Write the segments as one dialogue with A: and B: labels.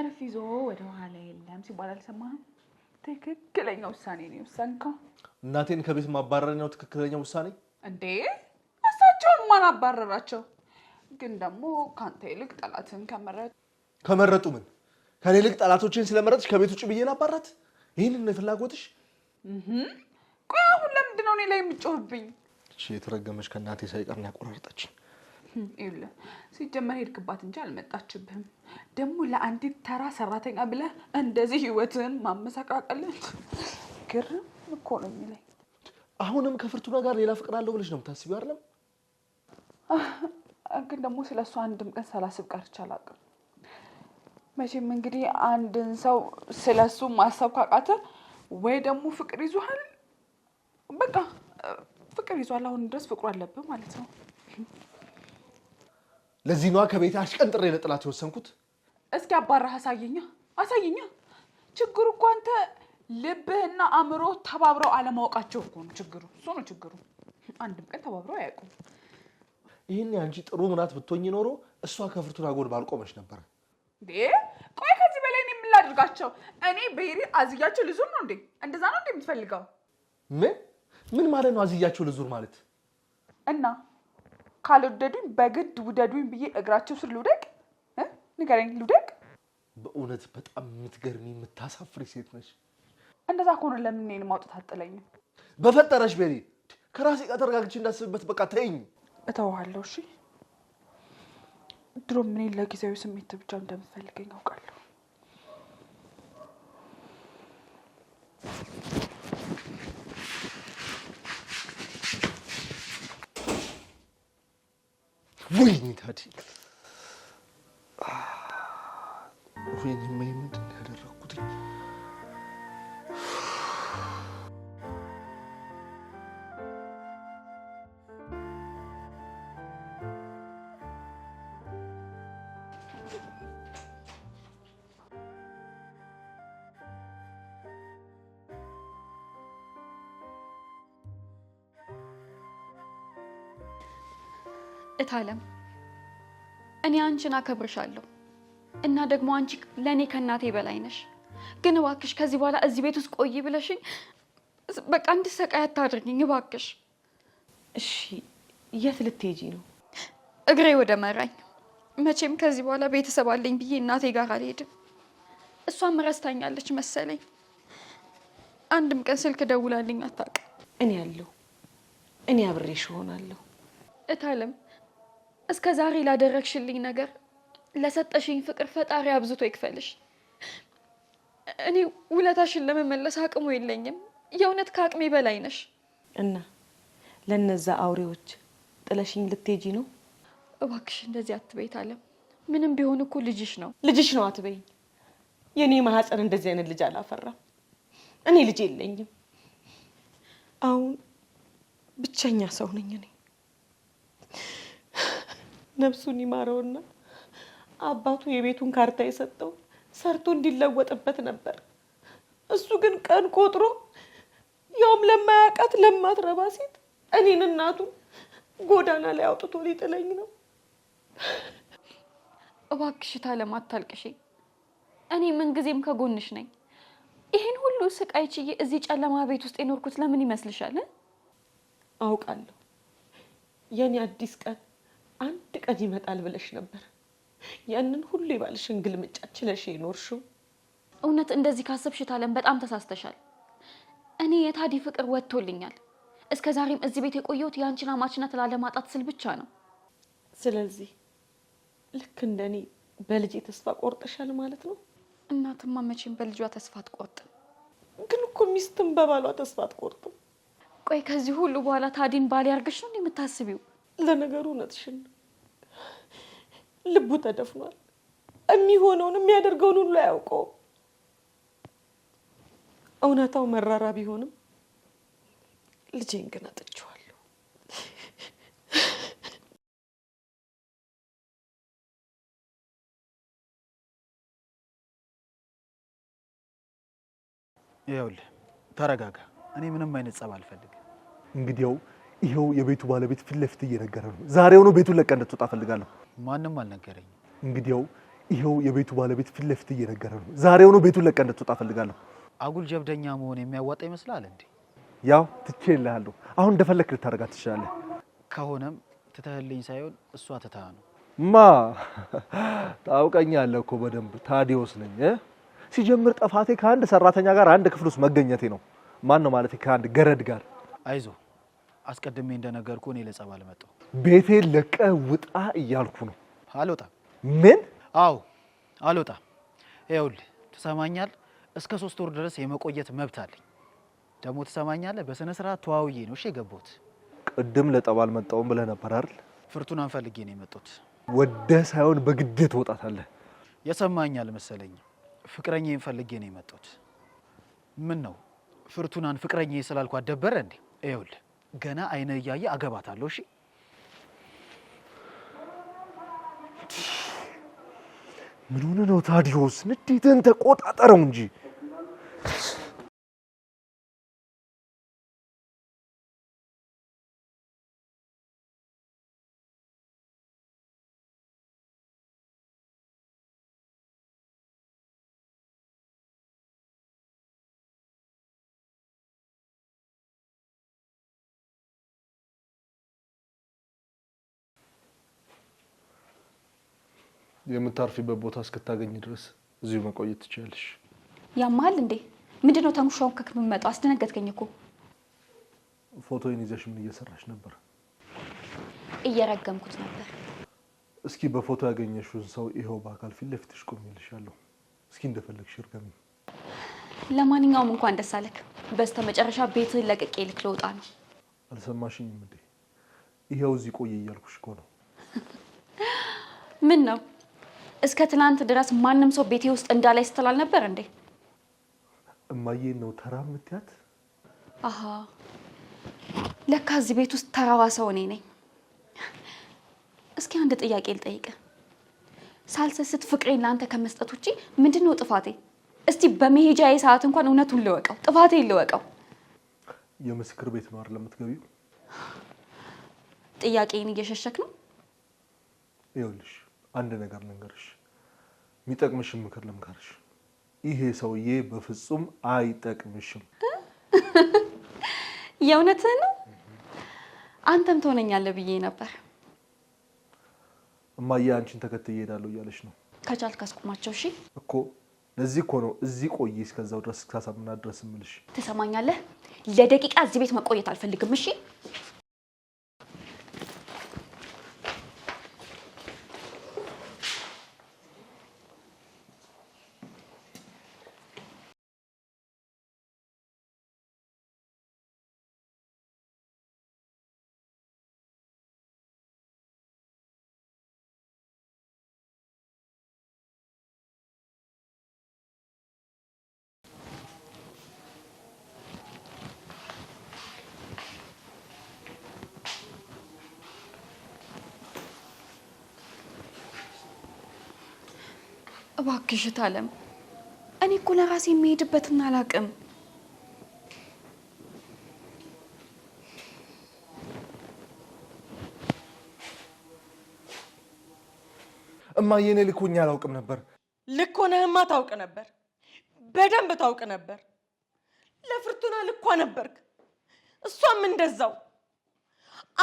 A: እርፍ ይዞ ወደ ኋላ የለም ሲባል አልሰማህም? ትክክለኛ ውሳኔ ነው የወሰንከው።
B: እናቴን ከቤት ማባረር ነው ትክክለኛ ውሳኔ
A: እንዴ? እሳቸውን ማን አባረራቸው? ግን ደግሞ ከአንተ ይልቅ ጠላትን ከመረጥ
B: ከመረጡ ምን ከኔ ይልቅ ጠላቶችን ስለመረጥሽ ከቤት ውጭ ብዬ ላባራት? ይህንን ነው የፍላጎትሽ?
A: ቆይ አሁን ለምንድን ነው እኔ ላይ የምጮህብኝ?
B: እቺ የተረገመች ከእናቴ ሳይቀርን ያቆራርጠች
A: ይለ ሲጀመር ሄድክባት እንጂ አልመጣችብህም። ደግሞ ለአንዲት ተራ ሰራተኛ ብለህ እንደዚህ ህይወትን ማመሳቃቀልን ግርም እኮ ነው የሚለኝ።
B: አሁንም ከፍርቱና ጋር ሌላ ፍቅር አለው ብለሽ ነው የምታስቢው? አይደለም
A: ግን ደግሞ ስለ እሱ አንድም ቀን ሳላስብ ቀርቼ አላውቅም። መቼም እንግዲህ አንድን ሰው ስለ እሱ ማሰብ ካቃተ ወይ ደግሞ ፍቅር ይዞሃል በቃ ፍቅር ይዟል። አሁን ድረስ ፍቅሩ አለብህ ማለት ነው።
B: ለዚህ ነዋ ከቤት አሽቀንጥሬ ልጥላት የወሰንኩት።
A: እስኪ አባራህ አሳየኛ፣ አሳየኛ። ችግሩ እኮ አንተ ልብህና አእምሮ ተባብረው አለማወቃቸው እኮ ነው ችግሩ። እሱ ነው ችግሩ። አንድም ቀን ተባብረው አያውቁም።
B: ይህን አንቺ ጥሩ ምናት ብትሆኝ ኖሮ እሷ ከፍርቱና ጎን ባልቆመች ነበረ።
A: ቆይ ከዚህ በላይ እኔ የምላደርጋቸው እኔ ብሔሪ አዝያቸው ልዙም ነው እንዴ? እንደዛ ነው እንዴ የምትፈልገው
B: ምን ምን ማለት ነው? አዝያቸው ልዙር ማለት
A: እና ካልወደዱኝ በግድ ውደዱኝ ብዬ እግራቸው ስር ልውደቅ? ንገረኝ፣ ልውደቅ?
B: በእውነት በጣም የምትገርሚ የምታሳፍሪ ሴት ነች።
A: እንደዛ ከሆነ ለምን እኔን ማውጣት አጥለኝም?
B: በፈጠረሽ ቤሪ፣ ከራሴ ጋር ተረጋግቼ እንዳስብበት በቃ ተይኝ።
A: እተውሃለሁ። እሺ ድሮም እኔን ለጊዜያዊ ስሜት ብቻ እንደምፈልገኝ አውቃለሁ።
B: وين هادي ويني ما يمدني على ركضي
A: Et alem. እኔ አንቺን አከብርሻለሁ እና ደግሞ አንቺ ለእኔ ከእናቴ በላይ ነሽ። ግን እባክሽ ከዚህ በኋላ እዚህ ቤት ውስጥ ቆይ ብለሽኝ በቃ እንድሰቃይ አታድርጊኝ እባክሽ።
B: እሺ የት ልትሄጂ ነው?
A: እግሬ ወደ መራኝ። መቼም ከዚህ በኋላ ቤተሰብ አለኝ ብዬ እናቴ ጋር አልሄድም። እሷም ረስታኛለች መሰለኝ። አንድም ቀን ስልክ ደውላልኝ አታውቅም።
B: እኔ አለሁ፣ እኔ አብሬሽ እሆናለሁ
A: እታለም እስከ ዛሬ ላደረግሽልኝ ነገር፣ ለሰጠሽኝ ፍቅር ፈጣሪ አብዝቶ ይክፈልሽ። እኔ ውለታሽን ለመመለስ አቅሙ የለኝም። የእውነት ከአቅሜ በላይ ነሽ።
B: እና ለነዛ አውሬዎች ጥለሽኝ ልትሄጂ ነው?
A: እባክሽ እንደዚህ አትበይት አለም። ምንም ቢሆን እኮ ልጅሽ ነው፣
B: ልጅሽ ነው አትበይኝ። የእኔ ማህፀን እንደዚህ አይነት ልጅ አላፈራም። እኔ ልጅ የለኝም። አሁን ብቸኛ ሰው ነኝ እኔ
A: ነፍሱን ይማረውና አባቱ የቤቱን ካርታ የሰጠው ሰርቶ እንዲለወጥበት ነበር። እሱ ግን ቀን ቆጥሮ ያውም ለማያውቃት ለማትረባ ሴት እኔን እናቱን ጎዳና ላይ አውጥቶ ሊጥለኝ ነው።
B: እባክሽታ ለማታልቅሽ እኔ ምንጊዜም ከጎንሽ ነኝ። ይህን ሁሉ ስቃይ ችዬ እዚህ ጨለማ ቤት ውስጥ የኖርኩት ለምን ይመስልሻል? አውቃለሁ የኔ አዲስ ቀን አንድ ቀን ይመጣል ብለሽ ነበር። ያንን ሁሉ የባልሽን ግልምጫ ችለሽ የኖርሽው።
A: እውነት እንደዚህ ካሰብሽ ታለም በጣም ተሳስተሻል። እኔ የታዲ ፍቅር ወጥቶልኛል። እስከ ዛሬም እዚህ ቤት የቆየሁት የአንቺን አማችነት ላለማጣት ስል ብቻ ነው።
B: ስለዚህ ልክ እንደ እኔ በልጄ ተስፋ ቆርጠሻል ማለት ነው።
A: እናትማ መቼም በልጇ ተስፋ አትቆርጥም።
B: ግን እኮ ሚስትም በባሏ ተስፋ አትቆርጥም።
A: ቆይ ከዚህ ሁሉ በኋላ ታዲን ባል ያርግሽ ነው የምታስቢው?
B: ለነገሩ እውነትሽን ልቡ ተደፍኗል። የሚሆነውን የሚያደርገውን ሁሉ አያውቀውም። እውነታው መራራ ቢሆንም ልጄን ግን አጥቼዋለሁ። ይኸውልህ ተረጋጋ። እኔ ምንም አይነት ጸብ አልፈልግም። እንግዲያው ይኸው የቤቱ ባለቤት ፊት ለፊት እየነገረ ነው። ነው ቤቱን ለቀህ እንድትወጣ ፈልጋለሁ። ማንም አልነገረኝ። እንግዲያው ይኸው የቤቱ ባለቤት ፊት ለፊት እየነገረ ነው። ነው ቤቱን ለቀህ እንድትወጣ ፈልጋለሁ። አጉል ጀብደኛ መሆን የሚያዋጣ ይመስላል እንዴ? ያው ትቼ አሁን እንደፈለግህ ልታደርጋት ትችላለህ። ከሆነም ትተህልኝ ሳይሆን እሷ ትታ ነው ማ ታውቀኛለህ እኮ በደንብ ታዲዮስ ነኝ። ሲጀምር ጠፋቴ ከአንድ ሰራተኛ ጋር አንድ ክፍል ውስጥ መገኘቴ ነው። ማን ነው ማለት ከአንድ ገረድ ጋር አይዞህ አስቀድሜ እንደነገርኩ እኔ ለጸብ አልመጣሁ። ቤቴ ለቀ ውጣ እያልኩ ነው። አልወጣም። ምን? አዎ አልወጣም። ይውል ትሰማኛል? እስከ ሶስት ወር ድረስ የመቆየት መብት አለኝ። ደግሞ ትሰማኛለህ? በስነ ስርዓት ተዋውዬ ነው እሺ የገባሁት። ቅድም ለጠብ አልመጣሁም ብለህ ነበር አይደል? ፍርቱን ፈልጌ ነው የመጣሁት። ወደ ሳይሆን በግድህ ትወጣታለህ። የሰማኛል መሰለኝ። ፍቅረኛ ፈልጌ ነው የመጣሁት። ምን ነው ፍርቱናን ፍቅረኛ ስላልኩ አደበረ እንዴ? ይኸውልህ ገና አይነ እያየ አገባታለሁ። እሺ ምን ሆነ ነው ታዲዮስ? ንዴትን ተቆጣጠረው እንጂ የምታርፊበት ቦታ እስክታገኝ ድረስ እዚሁ መቆየት ትችላለሽ። ያማል እንዴ? ምንድን ነው ተሙሻውን ከክብ አስደነገጥከኝ እኮ። ፎቶዬን ይዘሽ ምን እየሰራሽ ነበር? እየረገምኩት ነበር። እስኪ በፎቶ ያገኘሽውን ሰው ይኸው በአካል ፊት ለፊትሽ ቆሜልሻለሁ። እስኪ እንደፈለግሽ እርገሚ። ለማንኛውም እንኳን ደስ አለክ። በስተ መጨረሻ ቤትህን ለቅቄ ልክ ልወጣ ነው። አልሰማሽኝም እንዴ? ይኸው እዚህ ቆየ እያልኩሽ እኮ ነው። ምን ነው እስከ ትናንት ድረስ ማንም ሰው ቤቴ ውስጥ እንዳላይ ስትላል ነበር እንዴ? እማዬን ነው ተራ የምትያት? አሀ ለካ እዚህ ቤት ውስጥ ተራዋ ሰው እኔ ነኝ። እስኪ አንድ ጥያቄ ልጠይቅ። ሳልሰስት ፍቅሬን ለአንተ ከመስጠት ውጪ ምንድን ነው ጥፋቴ? እስቲ በመሄጃዬ ሰዓት እንኳን እውነቱን ልወቀው፣ ጥፋቴ ልወቀው። የምስክር ቤት ነው አይደል ጥያቄን እየሸሸክ ነው። ይኸውልሽ አንድ ነገር ልንገርሽ፣ የሚጠቅምሽን ምክር ልምከርሽ። ይሄ ሰውዬ በፍጹም አይጠቅምሽም። የእውነትህ ነው። አንተም ትሆነኛለህ ብዬ ነበር። እማዬ አንቺን ተከትዬ እሄዳለሁ እያለች ነው። ከቻልክ አስቁማቸው። እሺ እኮ ለዚህ እኮ ነው እዚህ ቆይ፣ እስከዛው ድረስ እስካሳምናት ድረስ እምልሽ። ትሰማኛለህ? ለደቂቃ እዚህ ቤት መቆየት አልፈልግም። እሺ እባክሽ እታለም፣ እኔ እኮ ለራሴ የሚሄድበትን አላውቅም። እማዬ፣ እኔ ልኮኛ አላውቅም ነበር። ልኮነህማ ታውቅ ነበር፣ በደንብ ታውቅ ነበር። ለፍርቱና ልኳ ነበርክ፣ እሷም እንደዛው።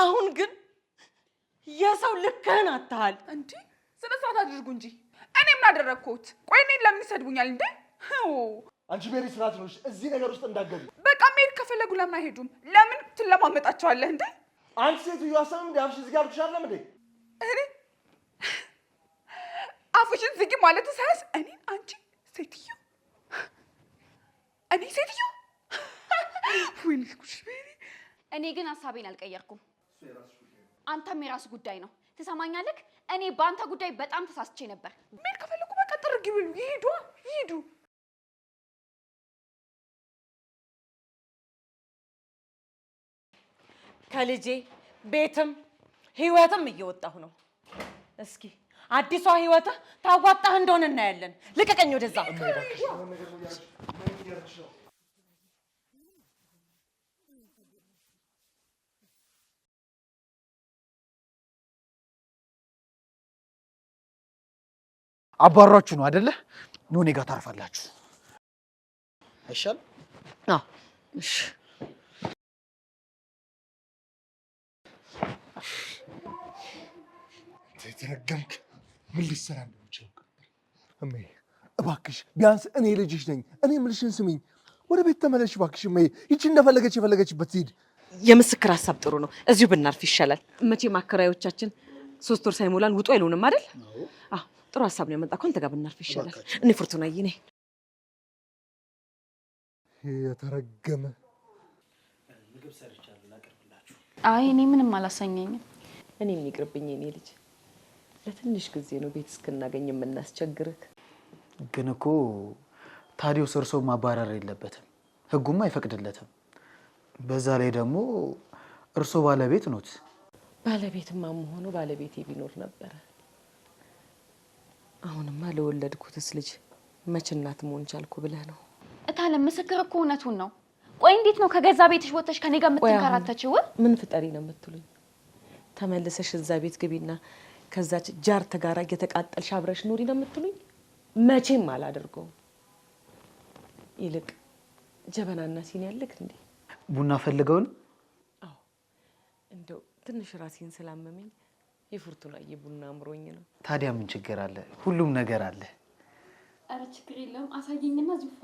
B: አሁን ግን የሰው ልክህን አታሃል እንዴ! ስነ ስርዓት አድርጉ እንጂ እኔ ምን አደረግኩት? ቆይ እኔን ለምን ይሰድቡኛል እንዴ? አንቺ ቤሪ ስራት ነሽ። እዚህ ነገር ውስጥ እንዳገቡ በቃ መሄድ ከፈለጉ ለምን አይሄዱም? ለምን ትለማመጣቸዋለህ እንዴ? አንቺ ሴትዮ አሰብ እንዲ አፍሽ ዝጊ አልኩሽ አይደለም እንዴ? እኔ አፍሽን ዝጊ ማለት ሳያስ እኔ አንቺ ሴትዮ እኔ ሴትዮ ወይኔ ቤሪ። እኔ ግን ሀሳቤን አልቀየርኩም። አንተም የራሱ ጉዳይ ነው። ትሰማኛለህ? እኔ በአንተ ጉዳይ በጣም ተሳስቼ ነበር። ምን ከፈለጉ በቃ ጥርግ ይበሉ፣ ይሄዱ ይሄዱ። ከልጄ ቤትም ህይወትም እየወጣሁ ነው። እስኪ አዲሷ ህይወት ታዋጣህ እንደሆነ እናያለን። ልቀቀኝ ወደዛ አባሯችሁ ነው አይደለ? ኑ እኔ ጋር ታርፋላችሁ አይሻል? አዎ እሺ። የተረገምክ ምን ሊሰራ እንደሚችል እሜ፣ እባክሽ ቢያንስ እኔ ልጅሽ ነኝ። እኔ ምልሽን ስሚኝ። ወደ ቤት ተመለሽ እባክሽ እሜ። ይቺ እንደፈለገች የፈለገችበት ትሂድ። የምስክር ሀሳብ ጥሩ ነው። እዚሁ ብናርፍ ይሻላል። መቼም አከራዮቻችን ሶስት ወር ሳይሞላን ውጡ አይሉንም አይደል? አዎ ጥሩ ሀሳብ ነው የመጣ እኮ አንተ ጋር ብናርፍ ይሻላል። እኔ ፍርቱናዬ ነኝ። የተረገመ ምግብ ሰርቻለሁ ላቀርብላችሁ። አይ እኔ ምንም አላሰኘኝም። እኔም ይቅርብኝ። እኔ ልጅ ለትንሽ ጊዜ ነው ቤት እስክናገኝ የምናስቸግርህ። ግን እኮ ታዲዮስ እርሶ ማባረር የለበትም ህጉም አይፈቅድለትም። በዛ ላይ ደግሞ እርሶ ባለቤት ኖት። ባለቤትማ መሆኑ ባለቤቴ ቢኖር ነበረ አሁንማ ለወለድኩትስ ልጅ መቼ እናት መሆን ቻልኩ ብለህ ነው እታለም? ምስክር እኮ እውነቱን ነው። ቆይ እንዴት ነው ከገዛ ቤትሽ ወጥተሽ ከኔ ጋር የምትንከራተችው? ምን ፍጠሪ ነው የምትሉኝ? ተመልሰሽ እዛ ቤት ግቢና ከዛች ጃር ተጋራ እየተቃጠልሽ አብረሽ ኑሪ ነው የምትሉኝ? መቼም አላደርገውም። ይልቅ ጀበናና ሲኒ ያልክ እንዴ? ቡና ፈልገውን? አዎ፣ እንደው ትንሽ ራሴን ስላመመኝ የፍርቱና የቡና አምሮኝ ነው። ታዲያ ምን ችግር አለ? ሁሉም ነገር አለ። ኧረ ችግር የለውም። አሳየኝና ዙፋ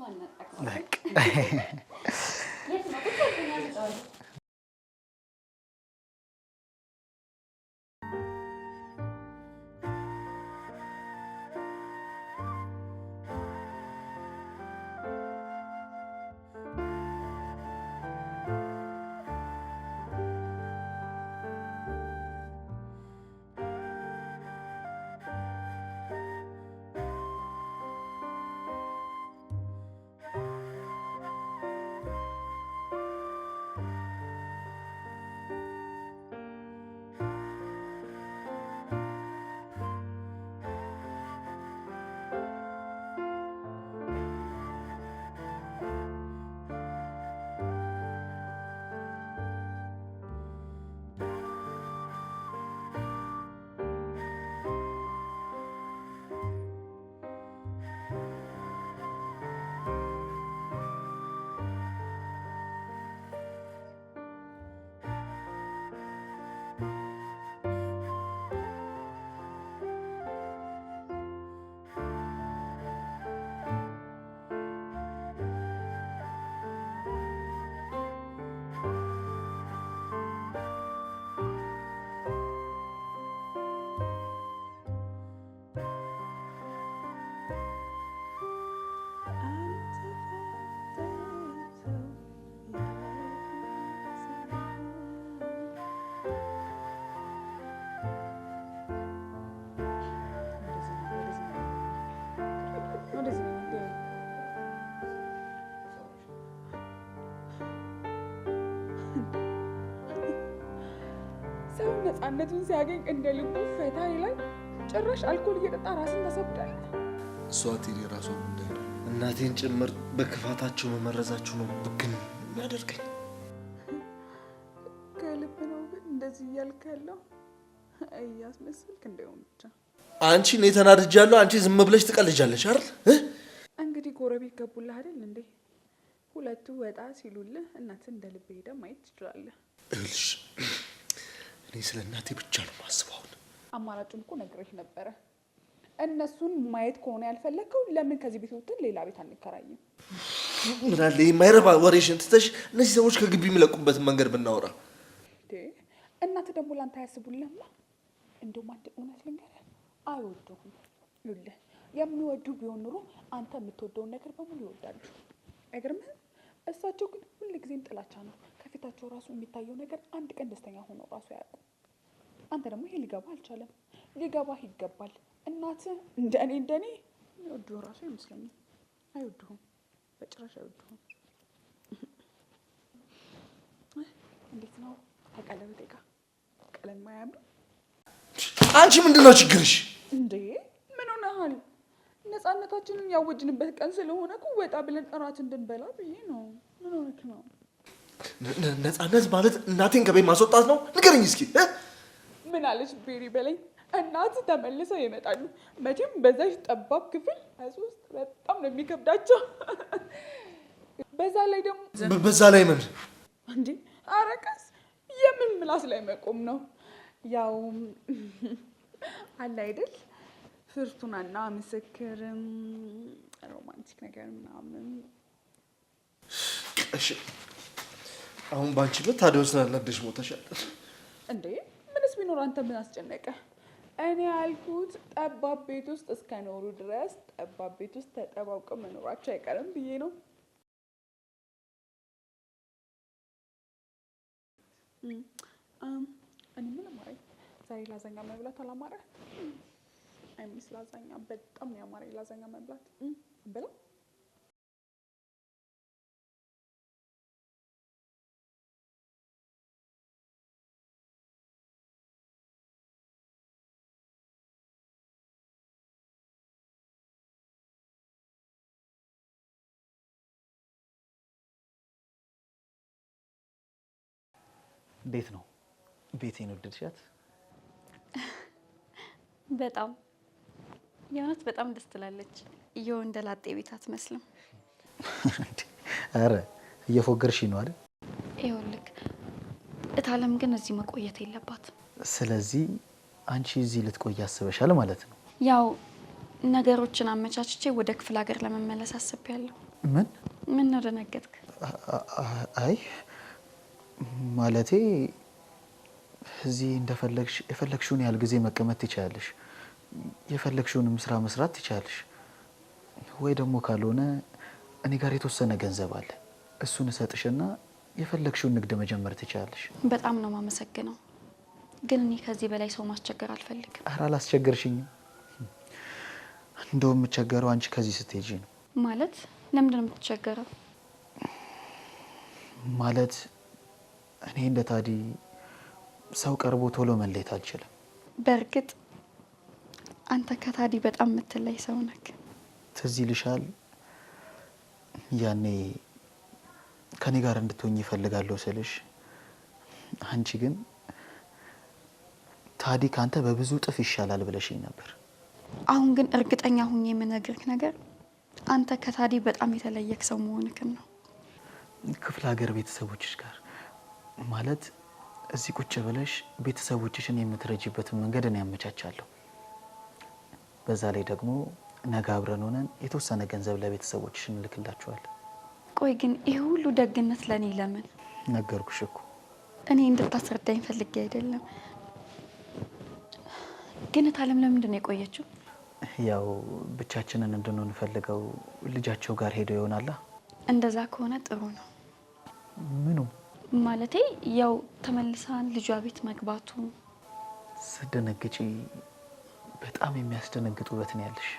B: ነፃነቱን ሲያገኝ እንደ ልቡ ፈታ ይላል። ጭራሽ አልኮል እየጠጣ ራስን ተሰብዳል። እሷ ቴሌ ራሷ ጉዳይ ነው። እናቴን ጭምር በክፋታችሁ መመረዛችሁ ነው ብግን የሚያደርገኝ። ከልብ ነው ግን እንደዚህ እያልክ ያለው እያስመሰልክ እንደሆን ብቻ አንቺ እኔ ተናድጃለሁ፣ አንቺ ዝም ብለሽ ትቀልጃለሽ አይደል? እንግዲህ ጎረቤት ገቡልህ አይደል እንዴ? ሁለቱ ወጣ ሲሉልህ እናትህ እንደ ልብ ሄደ ማየት ትችላለህ። እኔ ስለ እናቴ ብቻ ነው የማስበው። አሁን አማራጩን እኮ ነግሬሽ ነበረ። እነሱን ማየት ከሆነ ያልፈለግከው ለምን ከዚህ ቤት ወጥተን ሌላ ቤት አንከራይም? ምናለ የማይረባ ወሬሽን ትተሽ እነዚህ ሰዎች ከግቢ የሚለቁበትን መንገድ ብናወራ። እናት ደግሞ ላንተ አያስቡልህማ። እንደውም አንድ እውነት ልንገርህ፣ አይወዱህም። ይኸውልህ የሚወዱ ቢሆን ኑሮ አንተ የምትወደውን ነገር በሙሉ ይወዳሉ። አይገርምህም? እሳቸው ግን ሁልጊዜም ጥላቻ ነው ከፊታቸው ራሱ የሚታየው ነገር አንድ ቀን ደስተኛ ሆነው ራሱ አያውቁም። አንተ ደግሞ ይሄ ሊገባ አልቻለም። ሊገባህ ይገባል። እናት እንደኔ እንደኔ ወዱ ራሱ አይመስለኝም። አይወድሁም፣ በጭራሽ አይወድሁም። እንዴት ነው ከቀለም ጋር ቀለም ማያምር? አንቺ ምንድን ነው ችግርሽ እንዴ? ምን ሆነሃል? ነፃነታችንን ያወጅንበት ቀን ስለሆነ ኩወጣ ወጣ ብለን እራት እንድንበላ ብዬ ነው። ምን ሆነክ ነው? ነፃነት ማለት እናቴን ከቤት ማስወጣት ነው? ንገረኝ እስኪ። ምን አለች ቤሪ በለኝ። እናት ተመልሰው ይመጣሉ። መቼም በዛች ጠባብ ክፍል ውስጥ በጣም ነው የሚከብዳቸው። በዛ ላይ ደግሞ በዛ ላይ ምን እንዲ አረቀስ የምን ምላስ ላይ መቆም ነው? ያው አለ አይደል ፍርቱናና ምስክርም ሮማንቲክ ነገር ምናምን አሁን ባንቺ በት ታዲያውስን አልናደሽ ሞተሻል እንዴ? ምንስ ቢኖር አንተ ምን አስጨነቀ? እኔ ያልኩት ጠባብ ቤት ውስጥ እስከኖሩ ድረስ ጠባብ ቤት ውስጥ ተጠባብቀው መኖራቸው አይቀርም ብዬ ነው። እኔ ምን አማረኝ ዛሬ ላዛኛ መብላት አላማረ አይሚስ ላዛኛ በጣም ያማረ ላዛኛ መብላት ብለው እንዴት ነው ቤቴን ወደድሻት? በጣም የእውነት በጣም ደስ ትላለች። የወንደ ቤት አትመስልም። አረ እየፎገርሽ ነው አይደል? ይኸውልህ እታለም ግን እዚህ መቆየት የለባት ስለዚህ አንቺ እዚህ ልትቆይ አስበሻል ማለት ነው? ያው ነገሮችን አመቻችቼ ወደ ክፍለ ሀገር ለመመለስ አስቤያለሁ። ምን ምን ነው ደነገጥክ? አይ ማለቴ እዚህ እንደፈለግሽ የፈለግሽውን ያህል ጊዜ መቀመጥ ትችያለሽ፣ የፈለግሽውንም ስራ መስራት ትችያለሽ። ወይ ደግሞ ካልሆነ እኔ ጋር የተወሰነ ገንዘብ አለ፣ እሱን እሰጥሽና የፈለግሽውን ንግድ መጀመር ትችያለሽ። በጣም ነው የማመሰግነው፣ ግን እኔ ከዚህ በላይ ሰው ማስቸገር አልፈልግም። ኧረ አላስቸገርሽኝም። እንደውም የምቸገረው አንቺ ከዚህ ስትሄጂ ነው። ማለት ለምንድን ነው የምትቸገረው? ማለት እኔ እንደ ታዲ ሰው ቀርቦ ቶሎ መለየት አልችልም። በእርግጥ አንተ ከታዲ በጣም የምትለይ ሰው ነክ። ትዝ ይልሻል ያኔ ከኔ ጋር እንድትሆኝ ይፈልጋለሁ ስልሽ፣ አንቺ ግን ታዲ ከአንተ በብዙ እጥፍ ይሻላል ብለሽኝ ነበር። አሁን ግን እርግጠኛ ሁኝ የምነግርህ ነገር አንተ ከታዲ በጣም የተለየክ ሰው መሆንክን ነው። ክፍለ ሀገር ቤተሰቦችሽ ጋር ማለት እዚህ ቁጭ ብለሽ ቤተሰቦችሽን የምትረጅበትን መንገድ እኔ ያመቻቻለሁ። በዛ ላይ ደግሞ ነገ አብረን ሆነን የተወሰነ ገንዘብ ለቤተሰቦችሽ እንልክላችኋለን። ቆይ ግን ይህ ሁሉ ደግነት ለእኔ ለምን? ነገርኩሽ እኮ እኔ እንድታስረዳኝ ፈልጌ አይደለም። ግን ታለም ለምንድን ነው የቆየችው? ያው ብቻችንን እንድንሆን ፈልገው ልጃቸው ጋር ሄደው ይሆናላ። እንደዛ ከሆነ ጥሩ ነው። ምኑ ማለቴ ያው ተመልሳን ልጇ ቤት መግባቱ ስደነግጪ በጣም የሚያስደነግጥ ውበት ነው ያለሽ።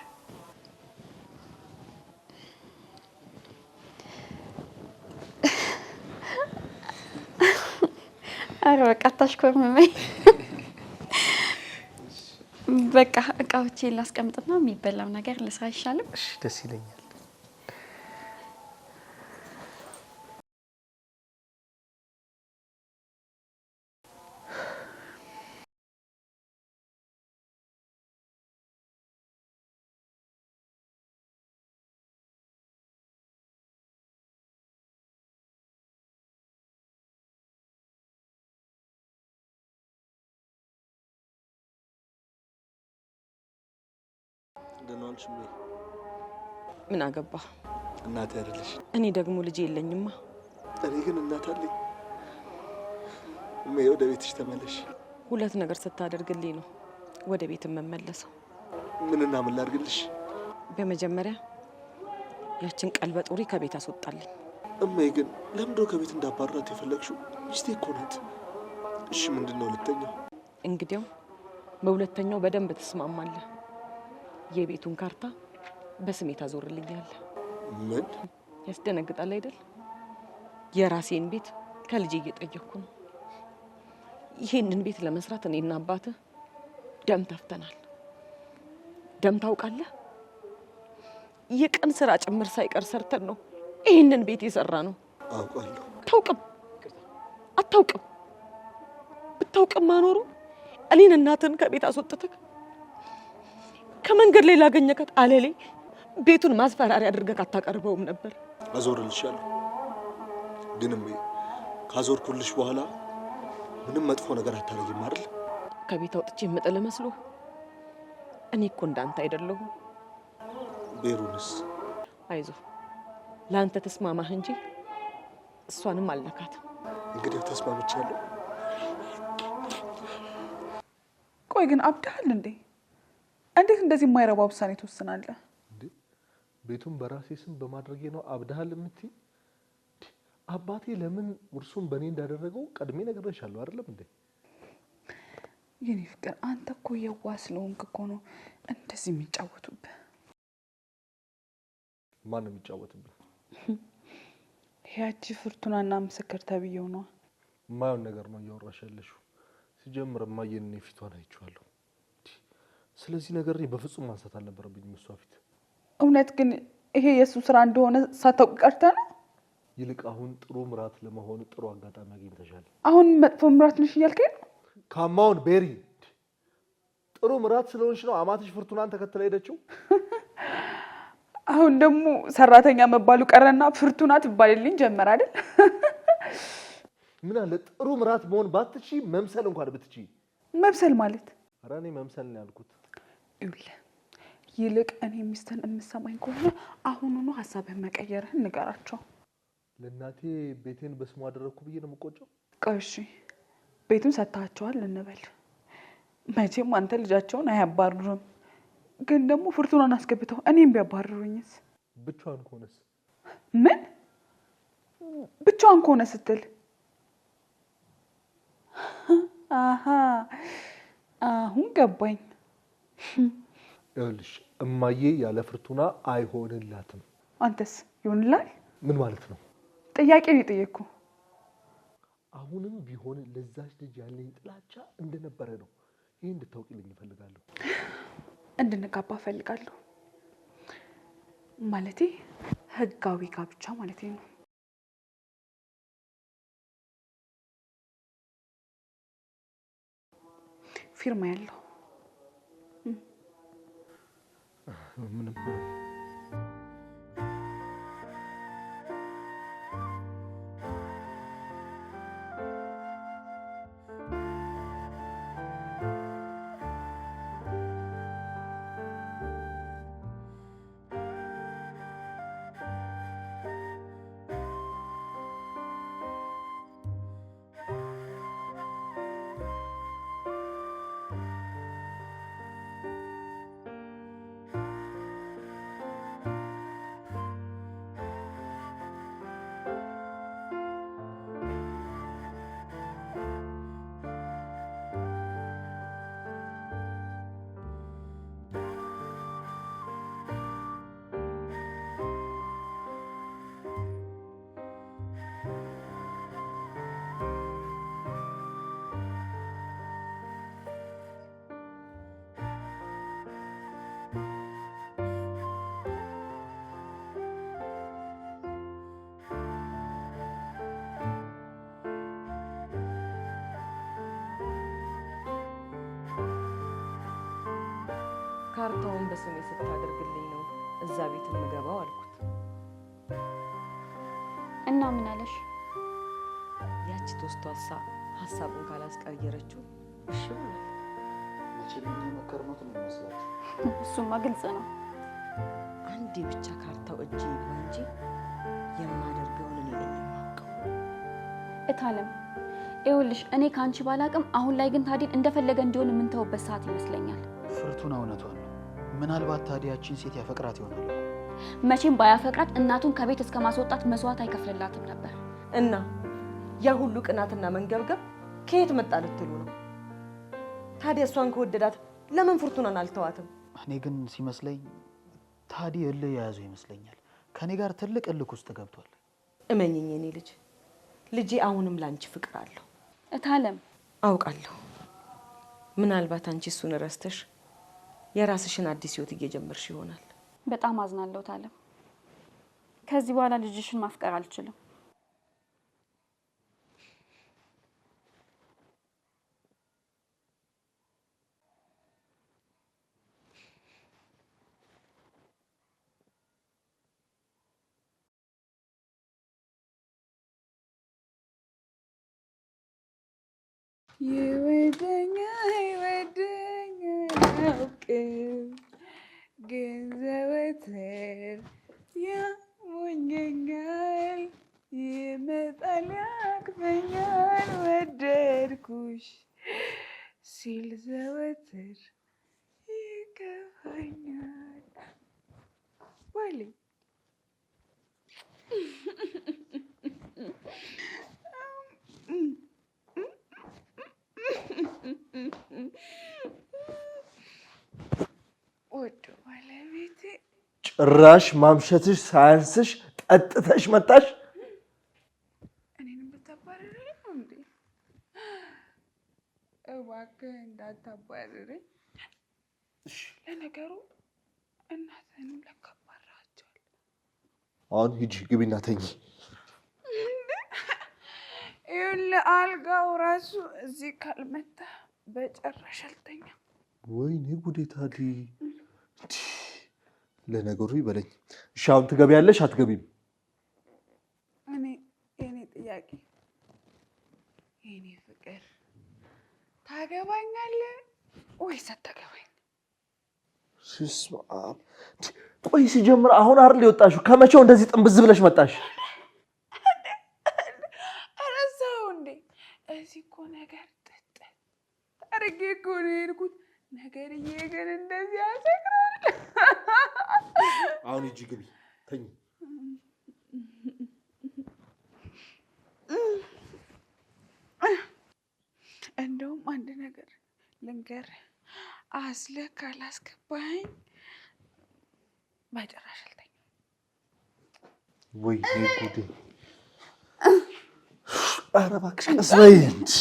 B: አረ በቃ አታሽኮርምመኝ። በቃ እቃዎቼ ላስቀምጥና የሚበላው ነገር ልስራ ይሻልም ደስ ይለኛል። ነው ምን አገባ እናት አይደለሽ እኔ ደግሞ ልጅ የለኝማ እኔ ግን እናት አለኝ እሜ ወደ ቤትሽ ተመለሽ ሁለት ነገር ስታደርግልኝ ነው ወደ ቤት የምመለሰው ምንና ምን ላድርግልሽ በመጀመሪያ ያችን ቀልበ ጡሪ ከቤት አስወጣልኝ እሜ ግን ለምዶ ከቤት እንዳባራት የፈለግሽው ሚስቴ እኮ ናት እሺ ምንድን ነው ሁለተኛው እንግዲያው በሁለተኛው በደንብ ትስማማለህ የቤቱን ካርታ በስሜ ታዞርልኛል። ምን ያስደነግጣል አይደል? የራሴን ቤት ከልጄ እየጠየቅኩ ነው። ይሄንን ቤት ለመስራት እኔና አባት ደም ተፍተናል። ደም ታውቃለህ? የቀን ስራ ጭምር ሳይቀር ሰርተን ነው ይህንን ቤት የሰራ ነው። አውቃለሁ። አታውቅም አታውቅም። ብታውቅም ማኖሩ እኔን እናትን ከቤት አስወጥተህ ከመንገድ ላይ ላገኘከት አለሌ ቤቱን ማስፈራሪያ አድርገህ አታቀርበውም ነበር። አዞርልሻለሁ፣ ግን ካዞርኩልሽ በኋላ ምንም መጥፎ ነገር አታደርጊም አይደል? ከቤት አውጥቼ የምጥልህ መስሎ? እኔ እኮ እንዳንተ አይደለሁም። ቤሩንስ? አይዞ ለአንተ ተስማማህ እንጂ እሷንም አልነካትም። እንግዲህ ተስማምቻለሁ። ቆይ ግን አብዳል እንዴ? እንዴት እንደዚህ የማይረባ ውሳኔ ትወስናለህ? ቤቱን በራሴ ስም በማድረጌ ነው አብድሃል የምትይ? አባቴ ለምን ውርሱን በእኔ እንዳደረገው ቀድሜ ነግሬሻለሁ አይደለም እንዴ? የኔ ፍቅር አንተ እኮ የዋህ ስለሆንክ እኮ ነው እንደዚህ የሚጫወቱብህ። ማን ነው የሚጫወትብህ? ያቺ ፍርቱናና ምስክር ተብዬው ነዋ። የማየውን ነገር ነው እያወራሽ ያለሽው። ሲጀምር ማየን እኔ ፊቷን አይቼዋለሁ። ስለዚህ ነገር እኔ በፍጹም ማንሳት አልነበረብኝም እሷ ፊት። እውነት ግን ይሄ የእሱ ስራ እንደሆነ ሳታውቅ ቀርተ ነው። ይልቅ አሁን ጥሩ ምራት ለመሆን ጥሩ አጋጣሚ አግኝተሻል። አሁን መጥፎ ምራት ነሽ እያልከ ነው? ካማውን ቤሪ፣ ጥሩ ምራት ስለሆንሽ ነው አማትሽ ፍርቱናን ተከትላ ሄደችው። አሁን ደግሞ ሰራተኛ መባሉ ቀረና ፍርቱና ትባልልኝ ጀመር አይደል? ምን አለ ጥሩ ምራት መሆን ባትቺ መምሰል እንኳን ብትቺ። መምሰል ማለት ኧረ እኔ መምሰል ነው ያልኩት። ይኸውልህ ይልቅ እኔ ሚስተን የምሰማኝ ከሆነ አሁኑኑ ሀሳብህን መቀየርህን ንገራቸው። ለእናቴ ቤቴን በስሙ አደረግኩ ብዬ ነው የምቆጨው። ቀሺ ቤቱን ሰጥታቸዋል እንበል። መቼም አንተ ልጃቸውን አያባርሩም? ግን ደግሞ ፍርቱናን አስገብተው እኔም ቢያባርሩኝስ? ብቻዋን ከሆነስ? ምን ብቻዋን ከሆነ ስትል አሀ፣ አሁን ገባኝ። ይኸውልሽ እማዬ ያለ ፍርቱና አይሆንላትም። አንተስ ይሆንላል? ምን ማለት ነው? ጥያቄ ነው የጠየቅኩ። አሁንም ቢሆን ለዛች ልጅ ያለኝ ጥላቻ እንደነበረ ነው። ይህ እንድታውቂልኝ እፈልጋለሁ። እንድንጋባ እፈልጋለሁ። ማለቴ ህጋዊ ጋብቻ ማለቴ ነው። ፊርማ ያለው Ah, b u ካርታውን በስሜ ስታደርግልኝ ነው እዛ ቤት የምገባው አልኩት። እና ምን አለሽ? ያቺ ቶስቷሳ ሀሳቡን ካላስቀየረችው እሺ እሱማ ግልጽ ነው። አንዴ ብቻ ካርታው እጅ ይግባ እንጂ የማደርገውን እኔ ነኝ የማውቀው። እታለም ይኸውልሽ፣ እኔ ከአንቺ ባላቅም፣ አሁን ላይ ግን ታዲን እንደፈለገ እንዲሆን የምንተውበት ሰዓት ይመስለኛል። ፍርቱና እውነቷን ነው። ምናልባት ታዲያችን ሴት ያፈቅራት ይሆናል። መቼም ባያፈቅራት እናቱን ከቤት እስከ ማስወጣት መስዋዕት አይከፍልላትም ነበር። እና ያ ሁሉ ቅናትና መንገብገብ ከየት መጣ ልትሉ ነው? ታዲያ እሷን ከወደዳት ለምን ፍርቱናን አልተዋትም? እኔ ግን ሲመስለኝ ታዲ እልህ የያዘው ይመስለኛል። ከእኔ ጋር ትልቅ እልክ ውስጥ ገብቷል። እመኝኝ የኔ ልጅ፣ ልጄ አሁንም ላንቺ ፍቅር አለሁ። እታለም አውቃለሁ። ምናልባት አንቺ እሱን ረስተሽ የራስሽን አዲስ ህይወት እየጀመርሽ ይሆናል። በጣም አዝናለሁ ታለም። ከዚህ በኋላ ልጅሽን ማፍቀር አልችልም። ይወደኛል አላውቅም ግን ዘወትር ያሞኘኛል ይመጣል ያቅፈኛል ወደድኩሽ ሲል ዘወትር ይከፋኛል ዋሌ ጭራሽ ማምሸትሽ ሳያንስሽ ጠጥተሽ መጣሽ። እባክህ እንዳታባረረኝ። ለነገሩ እናትህንም ለካ አባርራቸዋል። አሁን ሂጂ ግቢ እናተኝ። ይኸውልህ አልጋው ራሱ እዚህ ካልመጣ በጭራሽ አልተኛም። ወይኔ ጉዴ ታዲያ ለነገሩ ይበለኝ። እሺ አሁን ትገቢያለሽ አትገቢም? እኔ ቆይ፣ ሲጀምር አሁን አይደል የወጣሽው? ከመቼው እንደዚህ ጥንብዝ ብለሽ መጣሽ? አረሳው እንዴ? እዚህ እኮ ነገር ጥጥ አርጌ እኮ ነው የሄድኩት። ነገርዬ ግን እንደዚህ አሰግራ አሁን ሂጂ ግቢ ተኝ። እንደውም አንድ ነገር ልንገርህ፣ አስለህ ካላስገባኝ በጭራሽ አልተኝም። ወይ ጉዴ! ኧረ እባክሽ ቀስ በይ እንጂ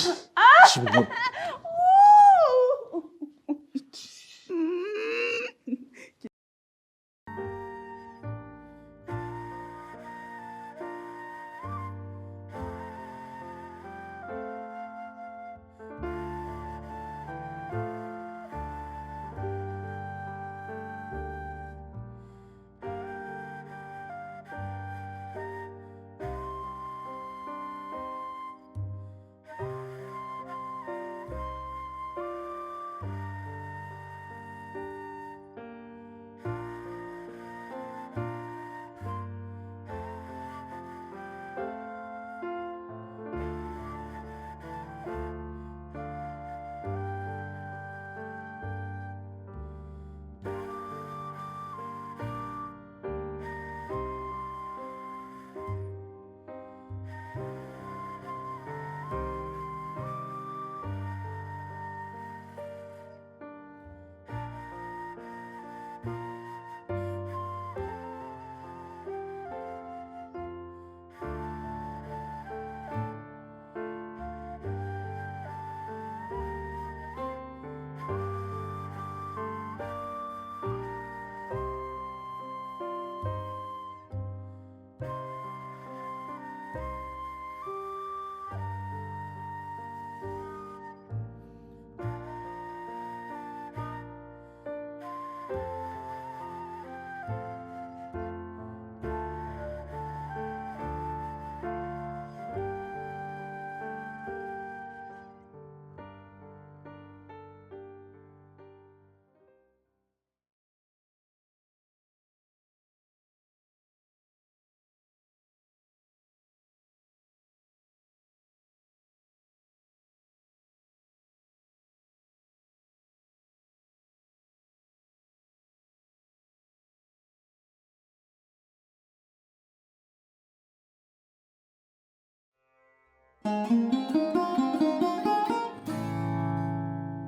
B: Thank you.